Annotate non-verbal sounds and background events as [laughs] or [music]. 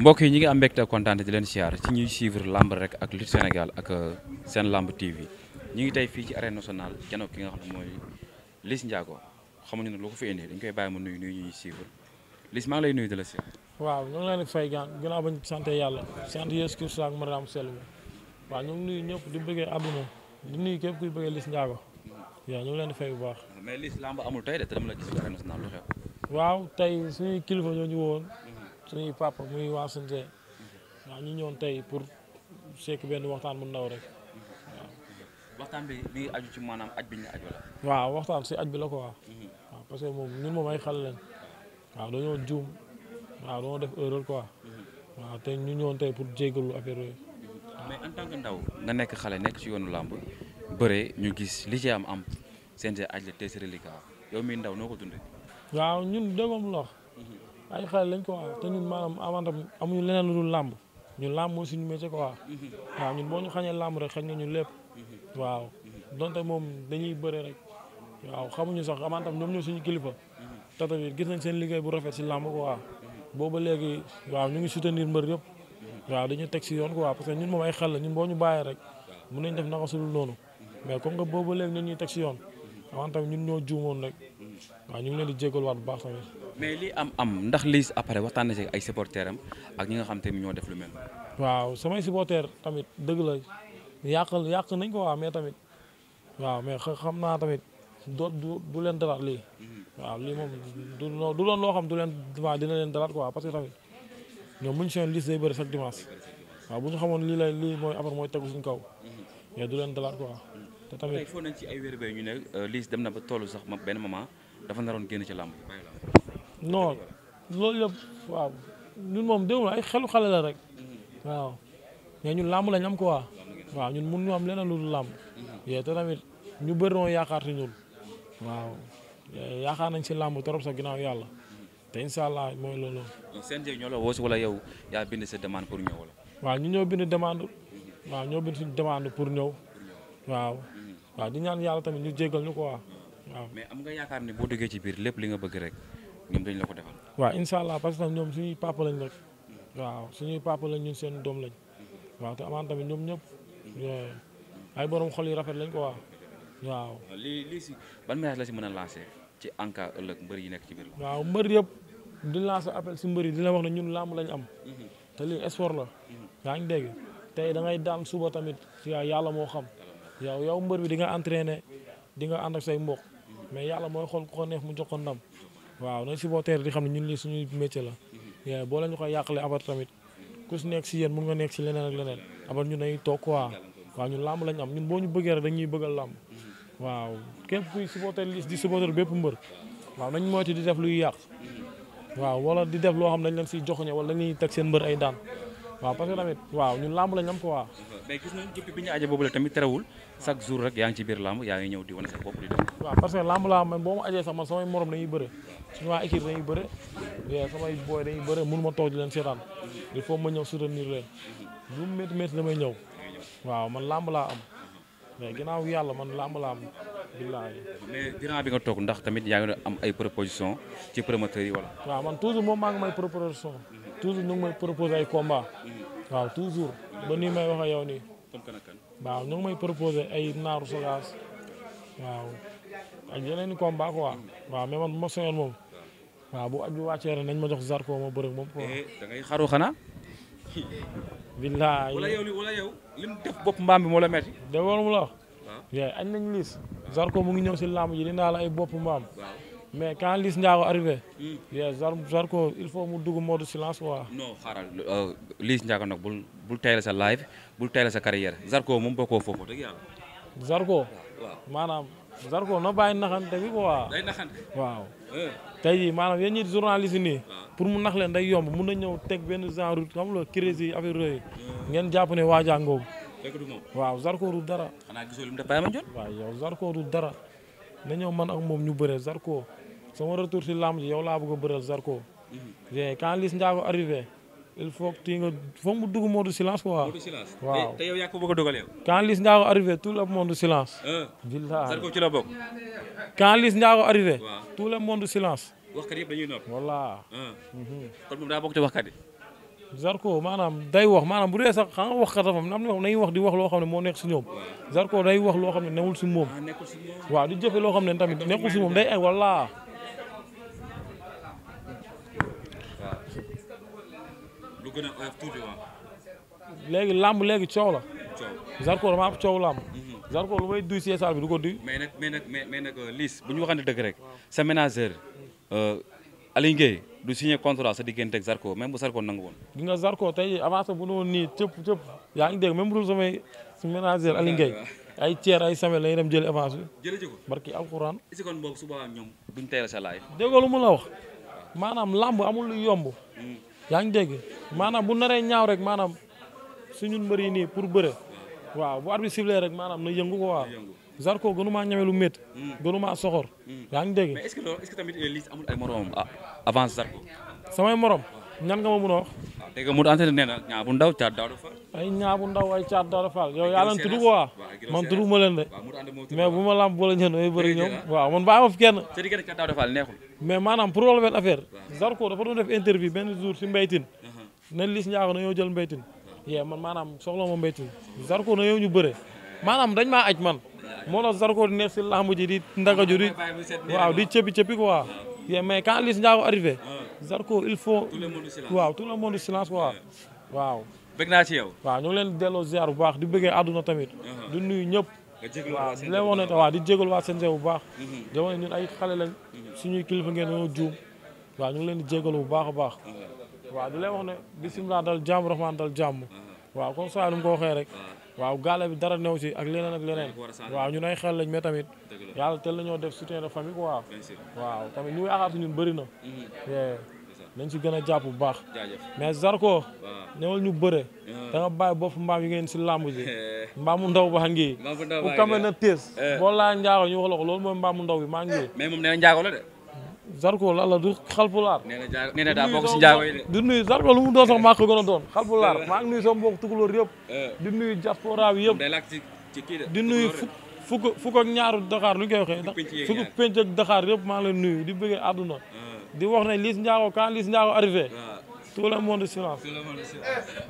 mbokk yi ñi ngi am mbégte kontaan di leen siyaar ci ñuy suivre lamb rek ak lutte Sénégal ak euh, seen lamb TV ñi ngi tey fii ci arène nationale janoo ki nga xam ne mooy Liss Ndiago xamuñu ne lu ko fi indi dañ koy bàyyi ma nuyu nuyu ñuy suivre Liss maa ngi lay nuyu la siyaar. waaw ñu ngi leen di fay gaan gannaaw bañ sant yàlla sant Yeesu Kirist ak Mariam sell bi waaw ñu ngi nuyu ñëpp di bëggee àdduna di nuyu képp kuy bëggee Liss Ndiago waaw ñu ngi bu baax. mais Liss lamb amul tey de te dama la gis arène nationale lu xew. waaw tey suñuy kilifa ñoo ñu woon suñuy papa muy waa CNG waaw ñu ñëwoon tey pour sekk benn waxtaan bu ndaw rek waaw. waxtaan bi mi ngi aju ci maanaam aj bi ñu aju la. waaw waxtaan si aj bi la ko mhm. waaw parce que moom ñun moom ay xale leen waaw dañoo juum waaw dañoo def erreur quoi mhm. waaw te ñu ñëwoon tey pour jéggalu affaire yooyu. Mhm. mais en tant ndaw nga nekk xale nekk ci yoonu làmb bëre ñu gis li ci am am CNG aj la te reliquat yow mii ndaw noo ko dundee. waaw ñun déggoom lox. ay xale lañ ko waaw te ñun maanaam avantam amuñu leneen lu dul làmb ñu làmb mooy suñu métier quoi waaw ñun boo ñu xañee làmb rek xañ nañu lépp waaw donte moom dañuy bëre rek waaw xamuñu sax avantam ñoom ñoo suñu kilifa te tamit gis nañ seen liggéey bu rafet si làmb quoi booba léegi waaw ñu ngi soutenir mbër yëpp waaw dañu teg si yoon quoi que ñun moom ay xel la ñun boo ñu bàyyee rek mun nañ def naka sudul noonu mais comme nga boobu léegi ñun ñuy teg si yoon avantam ñun ñoo juumoon rek waaw ñu ngi leen di jégalu waat bu baax tamit. mais am am ndax lii après waxtaan na ci ay supporteurs am ak ñi nga xam te ñoo def lu mel. waaw samay supporteurs tamit dëgg la yàq yàq nañ ko waaw mais tamit waaw mais xam naa tamit doo du leen daraat lii. waaw lii moom du du doon loo xam du leen waaw dina leen daraat quoi parce que tamit ñoom bu ñu seen liste day bëri chaque dimanche waaw bu ñu xamoon lii lay lii mooy après mooy tegu suñu kaw mais du leen daraat quoi. te tamit foo nañ ay wér-gu-wér ne euh, liste dem na ba tollu sax benn moment. dafa naroon génn ci làmb non loolu yëpp waaw ñun moom déw ay xelu xale la rek mhm. waaw mais ñun làmb lañ am ko waaw ñun mun ñu am leneen lu dul làmb mhm. yee te tamit ñu bëri noonu yaakaar si ñun yaakaar nañ si làmb trop sax ginnaaw yàlla te incha allah mooy loolu. CNG ñoo la yow yaa bind sa demande pour ñëw wala. ñoo bind demande mhm. waaw ñoo bind suñu demande pour ñëw waaw di ñaan yàlla tamit ñu jégal ñu quoi. waaw mais am nga yaakaar ni boo duggee ci biir lépp li nga bëgg rek ñoom dañ la ko defal. waaw incha allah parce que ñoom suñuy papa lañ rek. waaw suñuy papa lañ ñun seen doom lañ. waaw te amaan tamit ñoom ay borom xol yu rafet lañ ko waaw. waaw lii lii la si mën a lancer ci ANCAR ëllëg mbër yi nekk ci biir. mbër yëpp di lancer appel si mbër yi di wax ne ñun làmb lañ am. Mhm. te lii sport la. Mhm. yaa ngi da ngay daan suba tamit yàlla moo xam. yow yow mbër bi di nga entraîner di nga ànd ak say mbokk. mais yàlla mooy xool ku ko neex mu jox ko ndam waaw na supporter di xam ne ñun lii suñu métier la boo la ko koy yàqalee abar tamit ku si nekk si yéen mun nga nekk si leneen ak leneen abar ñun dañuy toog quoi waaw ñun làmb lañ am ñun boo ñu bëggee rek dañuy bëggal làmb waaw képp kuy supporter liste di supporter bépp mbër waaw nañ moytu di def luy yàq waaw wala di def loo xam dañ leen siy joxoñe wala dañuy teg seen mbër ay daan waaw parce que tamit waaw ñun làmb lañ am quoi. mais gis nañu depuis bi ñu aje boobu la tamit terewul chaque jour rek yaa ngi ci biir làmb yaa ngi ñëw di wane sa bopp di dem. waaw parce ma ajee sax man samay morom dañuy ma toog di leen seetaan il faut ma ñëw soutenir leen lu damay ñëw waaw man làmb laa am mais ginnaaw yàlla man làmb laa am billaahi mais ginnaaw bi nga toog ndax tamit yaa ngi am ay proposition ci promoteurs yi wala. waaw man toujours moom maa ngi may proposition. toujours ñu ngi may proposé ay combat waaw toujours ba nii may wax ak yow nii. waaw ñu may proposé ay naaru sogaas waaw ak yeneen i combat quoi waaw mais man bu ma soñoon moom waaw bu at bi wàccee nañ ma jox Zarko ma bëri moom quoi. Eh, da ngay xaru xanaa. billaay wala yow wala yow lim def bopp mbaam bi moo la metti. de warum la. waaw añ nañ liis. Zarko mu ngi ñëw si làmb ji dinaa la ay bopp mbaam. mais quand Liss Ndiago arrivé. yes Zarko il faut mu dugg mode silence quoi. non xaaral euh, Liss Ndiago nag bul bul sa live bul tayal sa carrière Zarko moom bokkoo foofu dëgg yàlla. Zarko. waaw maanaam Zarko na bàyyi naxante bi quoi. waaw. Euh. tey jii maanaam yéen ñi journaliste nii. pour mu nax leen day yomb mun na ñëw teg benn genre xam nga crise yi affaire yooyu. Euh. ngeen jàpp ne waa jàngoobu. waaw Zarko du dara. xanaa gisoo lim def du dara na ñëw man ak moom ñu bëree Zarko. sama retour si làmb ji yow laa bëgg a bëral Zarko. mais mhm. quand Liss Ndiago arrivé il faut que nga foog mu dugg mode silence quoi. mode silence waaw te yow yaa ko bëgg a dogal yow. quand Liss tout le monde silence. billaay ah. Zarko ci la bokk. quand Liss Ndiago arrivé. waaw tout le monde silence. waxkat yëpp dañuy noppi. voilà. Ah. Mhm. kon moom daa bokk ci Zarko day wax maanaam bu dee sax xam nga waxkat dafa am na nañuy wax di wax loo xam ne moo nekk si ñoom. Zarko day wax loo xam ne newul ah, si moom. waaw di jëfe loo xam ne tamit nekkul si moom day ay wala. lu gën a oyof tuuti waaw. léegi làmb léegi coow la. coow Zarko damaa coow làmb. Mhm. Zarko lu may duy CSA bi du ko duy. mais nag mais nag mais nag euh, Liss bu ñu waxante dëgg rek. sa a euh, Aliou Ngueye du signé contrat sa diggante ak Zarko même bu Zarko nangu woon. gi nga Zarko tey avancé bu doon nii cëpp cëpp yaa ngi dégg même bu dul samay si ay ceer ay samel lañuy dem jëli avance bi. jërëjëf barki alxuraan. si kon boobu a sa laay. déggoo lu mu la maanaam làmb amul yomb. Mm. yaa ngi dégg bu naree ñaaw rek maanaam suñu mbër yi nii pour bëre waaw bu arbitre sifflé rek maanaam na yëngu ko waaw Zarko gënumaa ñeme lu métti hmm. gënumaa soxor hmm. yaa ngi dégg mais est-ce que euh, amul ay morom ah, avant Zarko samay morom ñan nga ma mën a mu entraîné nee na ñaa bu ndaw caat daawda faal. ay ñaa bu ndaw ay caat daawda faal yow yaa leen ko waa man tudd ma leen de. mais bu ma lamb boole ñëw damay bëri ñoom. waaw man bàyyi ma fi kenn. sa diggante caat daawda faal neexul. mais dafa doon def interview benn jour si mbaytin uh-huh. ne Liss Ndiago na ñëw jël mbaytin uh-huh. yee man maanaam soxla ma mbaytin Zarko na ñëw ñu bëre maanaam dañ maa aj man moo tax Zarko di nekk si lamb ji di ndagaju di waaw di cëppi cëppi quoi mais quand Liss Ndiago arrivé uh-huh. Zarko il faut. waaw tout le monde silence waaw. waaw. bëgg naa ci yow. waaw ñu leen delloo ziar bu baax di bëggee àdduna tamit. Uh-huh. di nuyu ñëpp. waaw di leen wane waaw di jégalu waa CNG bu baax. jamono uh-huh. ñun ay xale lañ. Uh-huh. suñuy kilifa ngeen ñoo juum. waaw ñu ngi leen di jégalu bu baax a baax. waaw di leen wax ne bisimilah dal jàmm rahmaan dal jàmm. waaw comme ça nu mu ko waxee rek. waaw gaale bi dara new si ak leneen ak leneen waaw ñun ay a lañ mais tamit yàlla tel lañoo def soutien de famille quoi waaw tamit ñu yaakaar si ñu bëri na mhm. nañ si gën a jàpp bu baax mais Zarko ñëwal ñu bëre da nga bàyyi bopp mbaam yi ngeen si làmb ji [laughs] mbaamu ndaw baa ngi ku kame na tees eh. boo laa njaago ñu wax la ko loolu mooy mbaamu ndaw bi maa ngi moom nee Zarko la la du xalpulaar. nee na nee na daa bokk si di nuyu Zarko lu mu doon sax maa ko gën a doon xalpulaar [laughs] maa ngi nuyu sama mbokk tukulóor yëpp. Eh. di nuyu diaspora bi yëpp. di nuyu fukk ñaaru Dakar lu ñu koy waxee. fukk penc ak Dakar yëpp maa ngi leen nuyu di bëggee àdduna. Eh. di wax ne Liss Ndiago quand Liss Ndiago arrivé. Eh. tout le monde